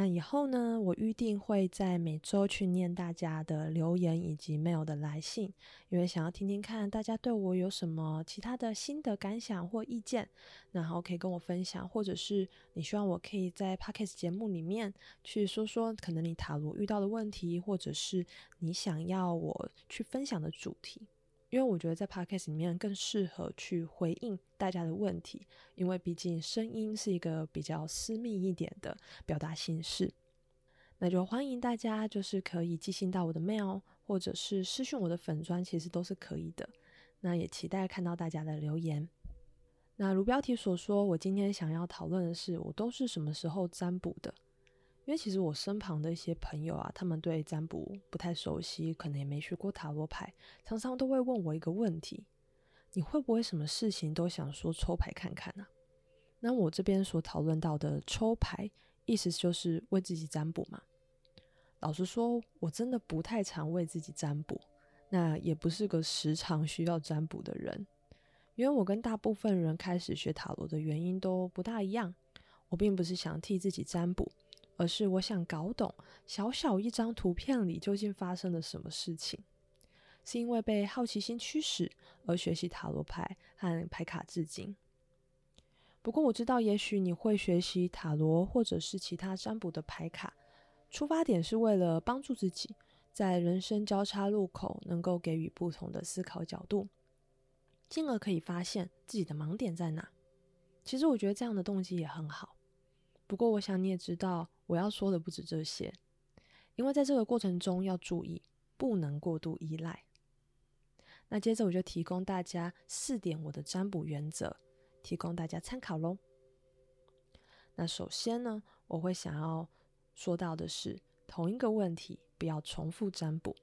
那以後呢，我預定會在每周去念大家的留言以及 mail 的來信，因為想要聽聽看大家對我有什麼其他的心得感想或意見，然後可以跟我分享，或者是你希望我可以在 Podcast 節目裡面去說說可能你塔羅遇到的問題，或者是你想要我去分享的主題。因為我覺得在 podcast 裡面更適合去回應大家的問題，因為畢竟聲音是一個比較私密一點的表達形式。那就歡迎大家，就是可以寄信到我的 mail，或者是私訊我的粉專，其實都是可以的。那也期待看到大家的留言。那如標題所說，我今天想要討論的是，我都是什麼時候占卜的？因為其實我身旁的一些朋友啊，他們對占卜不太熟悉，可能也沒學過塔羅牌，常常都會問我一個問題：你會不會什麼事情都想說抽牌看看呢？那我這邊所討論到的抽牌，意思就是為自己占卜嘛。老實說，我真的不太常為自己占卜，那也不是個時常需要占卜的人。因為我跟大部分人開始學塔羅的原因都不大一樣，我並不是想替自己占卜。而是我想搞懂小小一張圖片裡究竟發生了什麼事情，是因為被好奇心驅使而學習塔羅牌和牌卡至今。不過我知道，也許你會學習塔羅或者是其他占卜的牌卡，出發點是為了幫助自己在人生交叉路口能夠給予不同的思考角度，進而可以發現自己的盲點在哪。其實我覺得這樣的動機也很好。不過我想你也知道。我要說的不止這些，因為在這個過程中要注意，不能過度依賴。那接着我就提供大家四點我的占卜原則，提供大家參考嘍。那首先呢，我會想要說到的是，同一個問題不要重複占卜。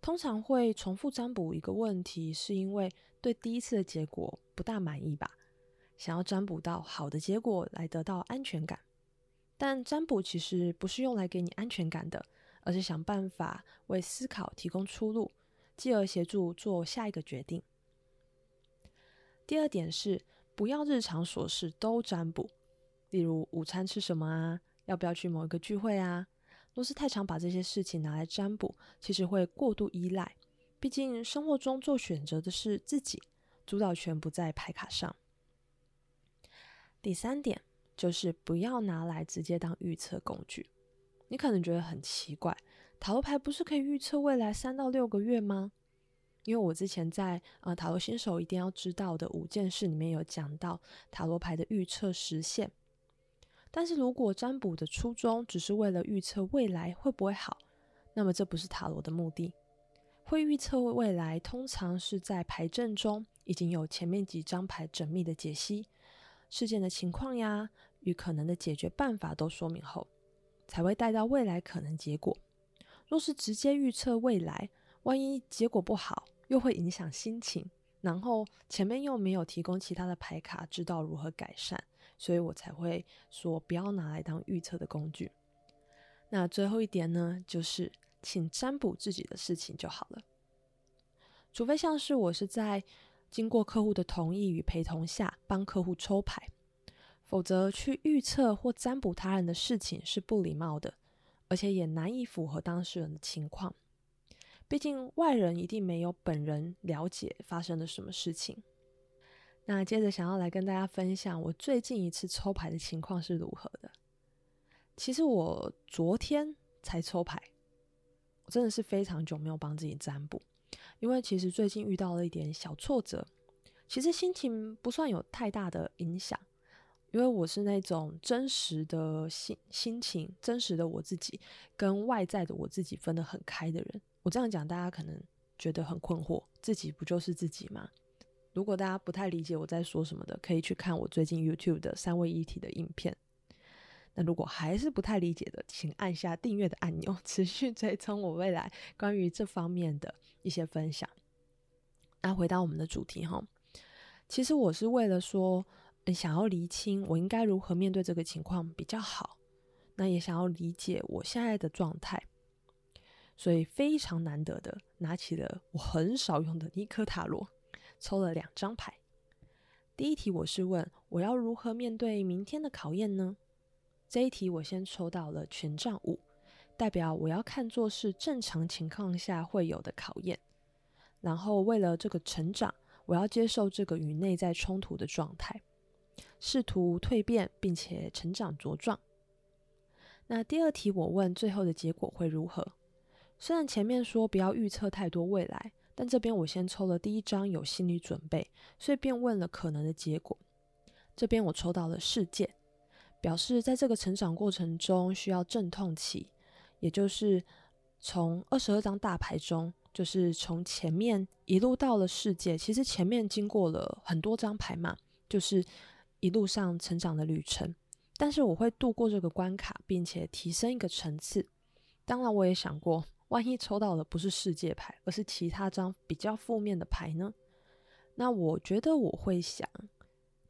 通常會重複占卜一個問題，是因為對第一次的結果不大滿意吧，想要占卜到好的結果來得到安全感。但占卜其實不是用來給你安全感的，而是想辦法為思考提供出路，繼而協助做下一個決定。第二點是，不要日常瑣事都占卜，例如午餐吃什麼啊，要不要去某一個聚會啊，若是太常把這些事情拿來占卜，其實會過度依賴。畢竟生活中做選擇的是自己，主導權不在牌卡上。第三點。就是不要拿來直接當預測工具。你可能覺得很奇怪，塔羅牌不是可以預測未來三到六個月嗎？因為我之前在呃塔羅新手一定要知道的五件事裡面有講到塔羅牌的預測時限。但是如果占卜的初衷只是為了預測未來會不會好，那麼這不是塔羅的目的。會預測未來，通常是在牌陣中已經有前面幾張牌縝密的解析事件的情況呀。與可能的解決辦法都說明後，才會帶到未來可能結果。若是直接預測未來，萬一結果不好，又會影響心情，然後前面又沒有提供其他的牌卡知道如何改善，所以我才會說不要拿來當預測的工具。那最後一點呢，就是請占卜自己的事情就好了，除非像是我是在經過客戶的同意與陪同下，幫客戶抽牌。否則，去預測或占卜他人的事情是不禮貌的，而且也難以符合當事人的情況。畢竟，外人一定沒有本人了解發生了什麼事情。那接着，想要來跟大家分享我最近一次抽牌的情況是如何的。其實，我昨天才抽牌，我真的是非常久沒有幫自己占卜，因為其實最近遇到了一點小挫折，其實心情不算有太大的影響。因為我是那種真實的心心情，真實的我自己，跟外在的我自己分得很開的人。我這樣講，大家可能覺得很困惑，自己不就是自己嗎？如果大家不太理解我在說什麼的，可以去看我最近 YouTube 的三位一體的影片。那如果還是不太理解的，請按下訂閱的按鈕，持續追蹤我未來關於這方面的一些分享。那回到我們的主題哈，其實我是為了說。想要釐清我應該如何面對這個情況比較好，那也想要理解我現在的狀態，所以非常難得的拿起了我很少用的尼科塔羅，抽了兩張牌。第一題我是問我要如何面對明天的考驗呢？這一題我先抽到了權杖五，代表我要看作是正常情況下會有的考驗，然後為了這個成長，我要接受這個與內在衝突的狀態。試圖蛻變，並且成長茁壯。那第二題我問最後的結果會如何？雖然前面說不要預測太多未來，但這邊我先抽了第一張，有心理準備，所以便問了可能的結果。這邊我抽到了世界，表示在這個成長過程中需要陣痛期，也就是從二十二張大牌中，就是從前面一路到了世界。其實前面經過了很多張牌嘛，就是。一路上成長的旅程，但是我會度過這個關卡，並且提升一個層次。當然，我也想過，萬一抽到的不是世界牌，而是其他張比較負面的牌呢？那我覺得我會想，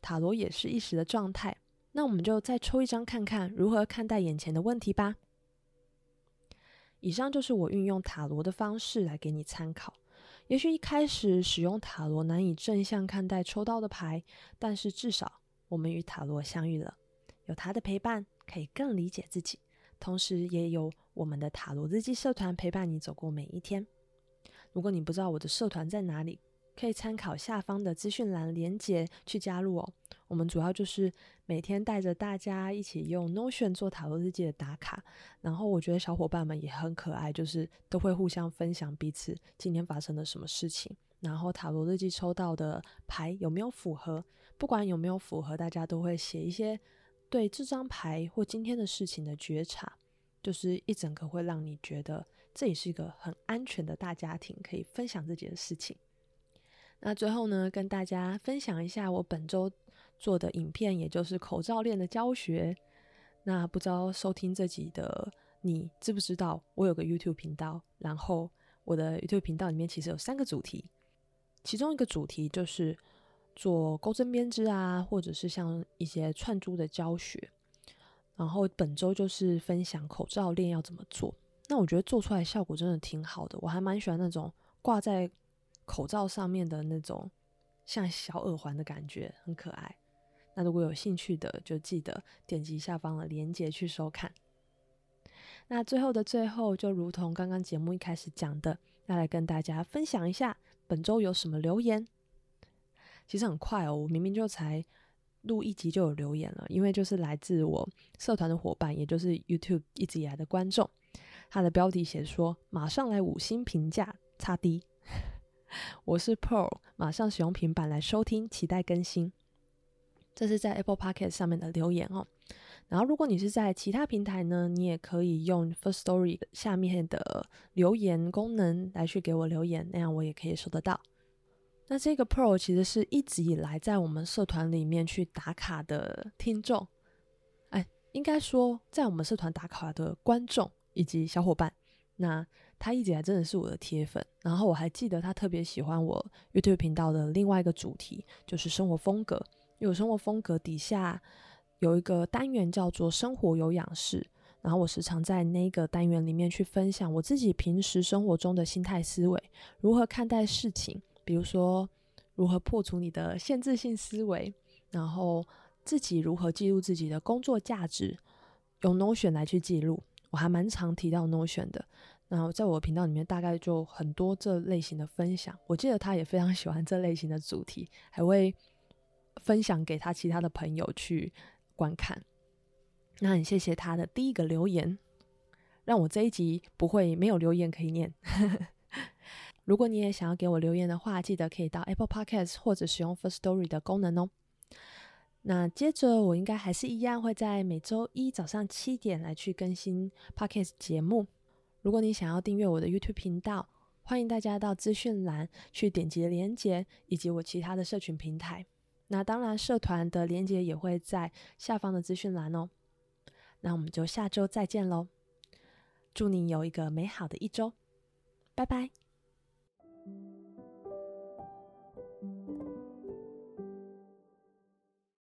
塔羅也是一時的狀態。那我們就再抽一張，看看如何看待眼前的問題吧。以上就是我運用塔羅的方式來給你參考。也許一開始使用塔羅難以正向看待抽到的牌，但是至少。我們與塔羅相遇了，有他的陪伴可以更理解自己，同時也有我們的塔羅日記社團陪伴你走過每一天。如果你不知道我的社團在哪裡，可以參考下方的資訊欄連結去加入哦。我們主要就是每天帶着大家一起用 Notion 做塔羅日記的打卡，然後我覺得小伙伴們也很可愛，就是都會互相分享彼此今天發生了什麼事情。然後塔羅日記抽到的牌有沒有符合？不管有沒有符合，大家都會寫一些對這張牌或今天的事情的覺察，就是一整個會讓你覺得這也是一個很安全的大家庭，可以分享自己的事情。那最後呢，跟大家分享一下我本周做的影片，也就是口罩鏈的教學。那不知道收聽這集的你知不知道，我有個 YouTube 頻道，然後我的 YouTube 頻道裡面其實有三個主題。其中一個主題就是做鈎針編織啊，或者是像一些串珠的教學。然後本週就是分享口罩鏈要怎麼做。那我覺得做出來效果真的挺好的，我還蠻喜歡那種掛在口罩上面的那種像小耳環的感覺，很可愛。那如果有興趣的，就記得點擊下方的鏈接去收看。那最後的最後，就如同剛剛節目一開始講的，要來跟大家分享一下。本週有什麼留言？其實很快哦，我明明就才錄一集就有留言了，因為就是來自我社團的夥伴，也就是 YouTube 一直以來的觀眾，他的標題寫說：“馬上來五星評價，差低。 ”我是 Paul，馬上使用平板來收聽，期待更新。這是在 Apple Podcast 上面的留言哦。然後，如果你是在其他平台呢，你也可以用 Firstory 下面的留言功能來去給我留言，那樣我也可以收得到。那這個 Pro 其實是一直以來在我們社團裡面去打卡的聽眾，哎，應該說在我們社團打卡的觀眾以及小伙伴，那他一直還真的是我的鐵粉。然後我還記得他特別喜歡我 YouTube 頻道的另外一個主題，就是生活風格。因為我生活風格底下。有一個單元叫做“生活有氧式”，然後我時常在那個單元裡面去分享我自己平時生活中的心態思維，如何看待事情，比如說如何破除你的限制性思維，然後自己如何記錄自己的工作價值，用 Notion 來去記錄。我還蠻常提到 Notion 的。那在我頻道裡面，大概就很多這類型的分享。我記得他也非常喜歡這類型的主題，還會分享給他其他的朋友去。觀看，那很謝謝他的第一個留言，讓我這一集不會沒有留言可以念。 如果你也想要給我留言的話，記得可以到 Apple Podcast 或者使用 Firstory 的功能哦。那接着我應該還是一樣會在每周一早上七點來去更新 Podcast 節目。如果你想要訂閱我的 YouTube 頻道，歡迎大家到資訊欄去點擊連結，以及我其他的社群平台。那當然，社團的鏈接也會在下方的資訊欄哦。那我們就下周再見嘍，祝您有一個美好的一周，拜拜。